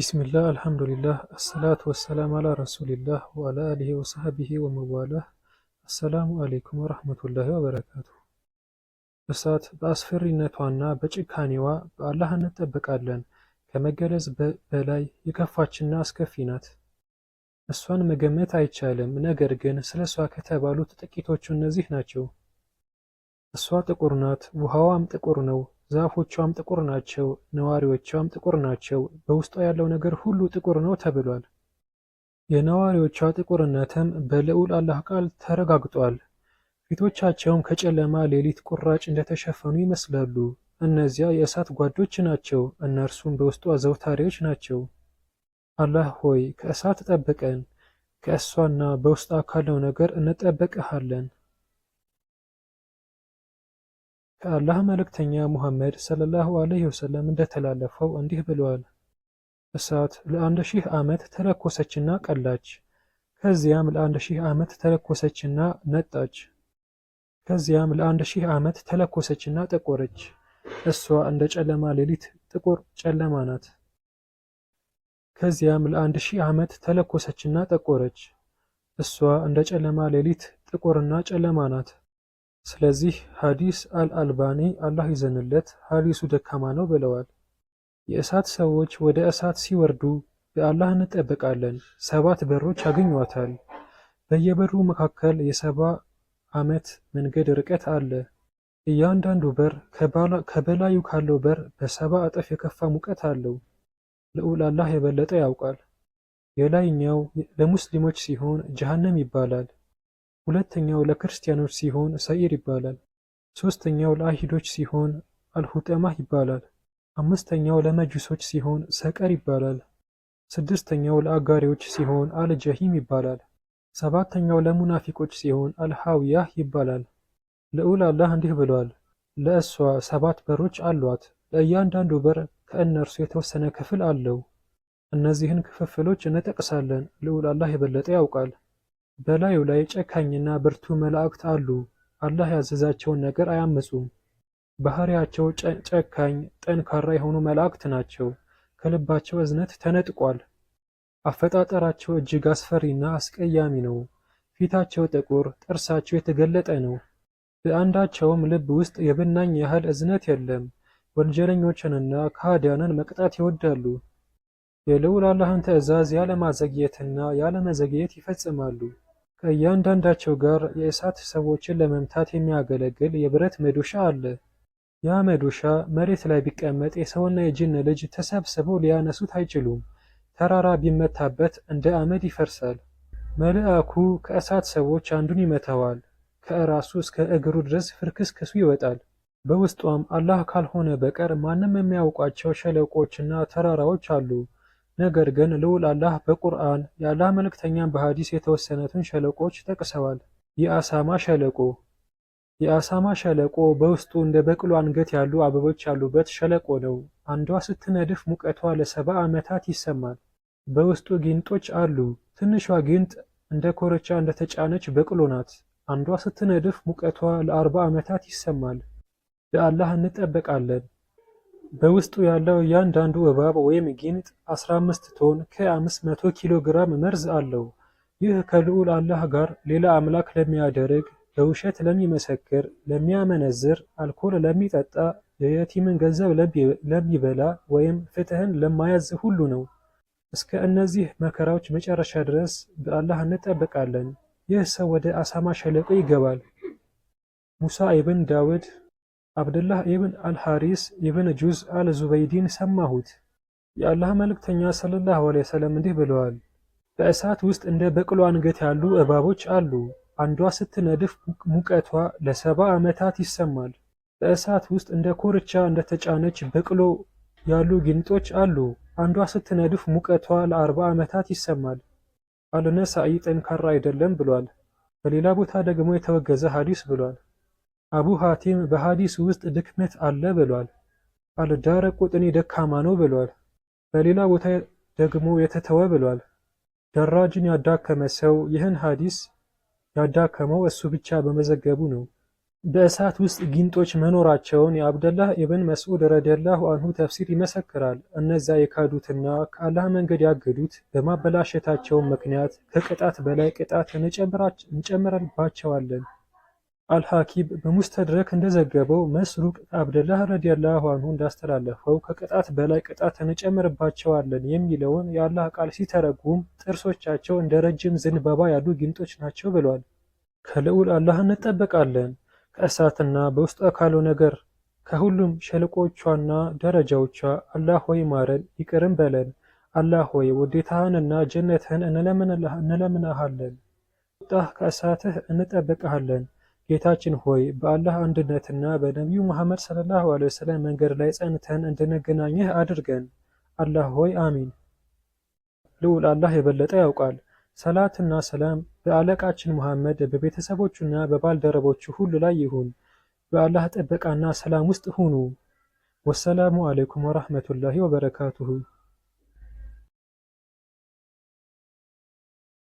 ቢስሚላህ አልሐምዱሊላህ አሰላቱ ወሰላም አላ ረሱሊላህ ወአላ አሊሂ ወሰሐቢሂ ወመዋላህ። አሰላሙ አሌይኩም ወረህመቱላሂ ወበረካቱ። እሳት በአስፈሪነቷና በጭካኔዋ በአላህ እንጠበቃለን ከመገለጽ በላይ የከፋችና አስከፊ ናት። እሷን መገመት አይቻልም። ነገር ግን ስለ እሷ ከተባሉት ጥቂቶቹ እነዚህ ናቸው። እሷ ጥቁር ናት፣ ውሃዋም ጥቁር ነው። ዛፎቿም ጥቁር ናቸው፣ ነዋሪዎቿም ጥቁር ናቸው፣ በውስጧ ያለው ነገር ሁሉ ጥቁር ነው ተብሏል። የነዋሪዎቿ ጥቁርነትም በልዑል አላህ ቃል ተረጋግጧል። ፊቶቻቸውም ከጨለማ ሌሊት ቁራጭ እንደተሸፈኑ ይመስላሉ። እነዚያ የእሳት ጓዶች ናቸው፣ እነርሱም በውስጧ ዘውታሪዎች ናቸው። አላህ ሆይ ከእሳት ጠብቀን፣ ከእሷና በውስጧ ካለው ነገር እንጠበቅሃለን። ከአላህ መልእክተኛ ሙሐመድ ሰለላሁ ዐለይሂ ወሰለም እንደተላለፈው እንዲህ ብለዋል። እሳት ለአንድ ሺህ ዓመት ተለኮሰችና ቀላች። ከዚያም ለአንድ ሺህ ዓመት ተለኮሰችና ነጣች። ከዚያም ለአንድ ሺህ ዓመት ተለኮሰችና ጠቆረች። እሷ እንደ ጨለማ ሌሊት ጥቁር ጨለማ ናት። ከዚያም ለአንድ ሺህ ዓመት ተለኮሰችና ጠቆረች። እሷ እንደ ጨለማ ሌሊት ጥቁርና ጨለማ ናት። ስለዚህ ሐዲስ አልአልባኒ አላህ ይዘንለት ሀዲሱ ደካማ ነው ብለዋል። የእሳት ሰዎች ወደ እሳት ሲወርዱ በአላህ እንጠበቃለን፣ ሰባት በሮች ያገኟታል። በየበሩ መካከል የሰባ ዓመት መንገድ ርቀት አለ። እያንዳንዱ በር ከበላዩ ካለው በር በሰባ እጥፍ የከፋ ሙቀት አለው። ልዑል አላህ የበለጠ ያውቃል። የላይኛው ለሙስሊሞች ሲሆን ጀሃነም ይባላል። ሁለተኛው ለክርስቲያኖች ሲሆን ሰኢር ይባላል። ሶስተኛው ለአይሁዶች ሲሆን አልሁጠማህ ይባላል። አምስተኛው ለመጁሶች ሲሆን ሰቀር ይባላል። ስድስተኛው ለአጋሪዎች ሲሆን አልጀሂም ይባላል። ሰባተኛው ለሙናፊቆች ሲሆን አልሃዊያህ ይባላል። ልዑል አላህ እንዲህ ብሏል፣ ለእሷ ሰባት በሮች አሏት፣ ለእያንዳንዱ በር ከእነርሱ የተወሰነ ክፍል አለው። እነዚህን ክፍፍሎች እንጠቅሳለን፣ ልዑል አላህ የበለጠ ያውቃል። በላዩ ላይ ጨካኝና ብርቱ መላእክት አሉ አላህ ያዘዛቸውን ነገር አያምፁም። ባህሪያቸው ጨካኝ፣ ጠንካራ የሆኑ መላእክት ናቸው። ከልባቸው እዝነት ተነጥቋል። አፈጣጠራቸው እጅግ አስፈሪና አስቀያሚ ነው። ፊታቸው ጥቁር፣ ጥርሳቸው የተገለጠ ነው። በአንዳቸውም ልብ ውስጥ የብናኝ ያህል እዝነት የለም። ወንጀለኞችንና ካህዲያንን መቅጣት ይወዳሉ። የልዑል አላህን ትዕዛዝ ያለማዘግየትና ያለመዘግየት ይፈጽማሉ። ከእያንዳንዳቸው ጋር የእሳት ሰዎችን ለመምታት የሚያገለግል የብረት መዶሻ አለ። ያ መዶሻ መሬት ላይ ቢቀመጥ የሰውና የጂን ልጅ ተሰብስበው ሊያነሱት አይችሉም። ተራራ ቢመታበት እንደ አመድ ይፈርሳል። መልአኩ ከእሳት ሰዎች አንዱን ይመታዋል። ከራሱ እስከ እግሩ ድረስ ፍርክስክሱ ይወጣል። በውስጧም አላህ ካልሆነ በቀር ማንም የሚያውቋቸው ሸለቆችና ተራራዎች አሉ። ነገር ግን ልዑል አላህ በቁርአን የአላህ መልእክተኛም በሐዲስ የተወሰነትን ሸለቆዎች ጠቅሰዋል። የአሳማ ሸለቆ የአሳማ ሸለቆ በውስጡ እንደ በቅሎ አንገት ያሉ አበቦች ያሉበት ሸለቆ ነው። አንዷ ስትነድፍ ሙቀቷ ለሰባ ዓመታት ይሰማል። በውስጡ ጊንጦች አሉ። ትንሿ ጊንጥ እንደ እንደ እንደተጫነች በቅሎ ናት። አንዷ ስትነድፍ ሙቀቷ ለአርባ ዓመታት ይሰማል። ለአላህ እንጠበቃለን። በውስጡ ያለው እያንዳንዱ እባብ ወይም ጊንጥ 15 ቶን ከ 500 ኪሎ ግራም መርዝ አለው። ይህ ከልዑል አላህ ጋር ሌላ አምላክ ለሚያደርግ፣ በውሸት ለሚመሰክር፣ ለሚያመነዝር፣ አልኮል ለሚጠጣ፣ የየቲምን ገንዘብ ለሚበላ ወይም ፍትህን ለማያዝ ሁሉ ነው። እስከ እነዚህ መከራዎች መጨረሻ ድረስ በአላህ እንጠበቃለን። ይህ ሰው ወደ አሳማ ሸለቆ ይገባል። ሙሳ ኢብን ዳውድ አብደላህ ኢብን አልሐሪስ ኢብን ጁዝ አልዙበይዲን ሰማሁት። የአላህ መልእክተኛ ሰለላሁ ዐለይሂ ወሰለም እንዲህ ብለዋል፣ በእሳት ውስጥ እንደ በቅሎ አንገት ያሉ እባቦች አሉ። አንዷ ስትነድፍ ሙቀቷ ለሰባ ዓመታት ይሰማል። በእሳት ውስጥ እንደ ኮርቻ እንደተጫነች በቅሎ ያሉ ጊንጦች አሉ። አንዷ ስትነድፍ ሙቀቷ ለአርባ ዓመታት ይሰማል። አልነሳኢ ጠንካራ አይደለም ብሏል። በሌላ ቦታ ደግሞ የተወገዘ ሐዲስ ብሏል። አቡ ሐቲም በሐዲስ ውስጥ ድክመት አለ ብሏል። አልዳረ አልዳረቁጥኒ ደካማ ነው ብሏል። በሌላ ቦታ ደግሞ የተተወ ብሏል። ደራጅን ያዳከመ ሰው ይህን ሐዲስ ያዳከመው እሱ ብቻ በመዘገቡ ነው። በእሳት ውስጥ ጊንጦች መኖራቸውን የአብደላህ ኢብን መስዑድ ረዲየላሁ አንሁ ተፍሲር ይመሰክራል። እነዛ የካዱትና ከአላህ መንገድ ያገዱት በማበላሸታቸው ምክንያት ከቅጣት በላይ ቅጣት እንጨምርባቸዋለን። አልሐኪም በሙስተድረክ እንደዘገበው መስሩቅ ከዐብደላህ ረዲየላሁ ዐንሁ እንዳስተላለፈው ከቅጣት በላይ ቅጣት እንጨምርባቸዋለን የሚለውን የአላህ ቃል ሲተረጉም ጥርሶቻቸው እንደ ረጅም ዘንባባ ያሉ ጊንጦች ናቸው ብሏል። ከልዑል አላህ እንጠበቃለን፣ ከእሳትና በውስጧ ካለው ነገር፣ ከሁሉም ሸለቆቿና ደረጃዎቿ። አላህ ሆይ ማረን፣ ይቅርም በለን። አላህ ሆይ ውዴታህንና ጀነትህን እንለምንሃለን፣ ቁጣህ ከእሳትህ እንጠብቅሃለን። ጌታችን ሆይ በአላህ አንድነትና በነቢዩ መሐመድ ሰለላሁ ዐለይሂ ወሰለም መንገድ ላይ ጸንተን እንድንገናኝህ አድርገን። አላህ ሆይ አሚን። ልዑል አላህ የበለጠ ያውቃል። ሰላትና ሰላም በአለቃችን መሐመድ በቤተሰቦቹና በባልደረቦቹ ሁሉ ላይ ይሁን። በአላህ ጥበቃና ሰላም ውስጥ ሁኑ። ወሰላሙ ዐለይኩም ወራህመቱላሂ ወበረካቱሁ።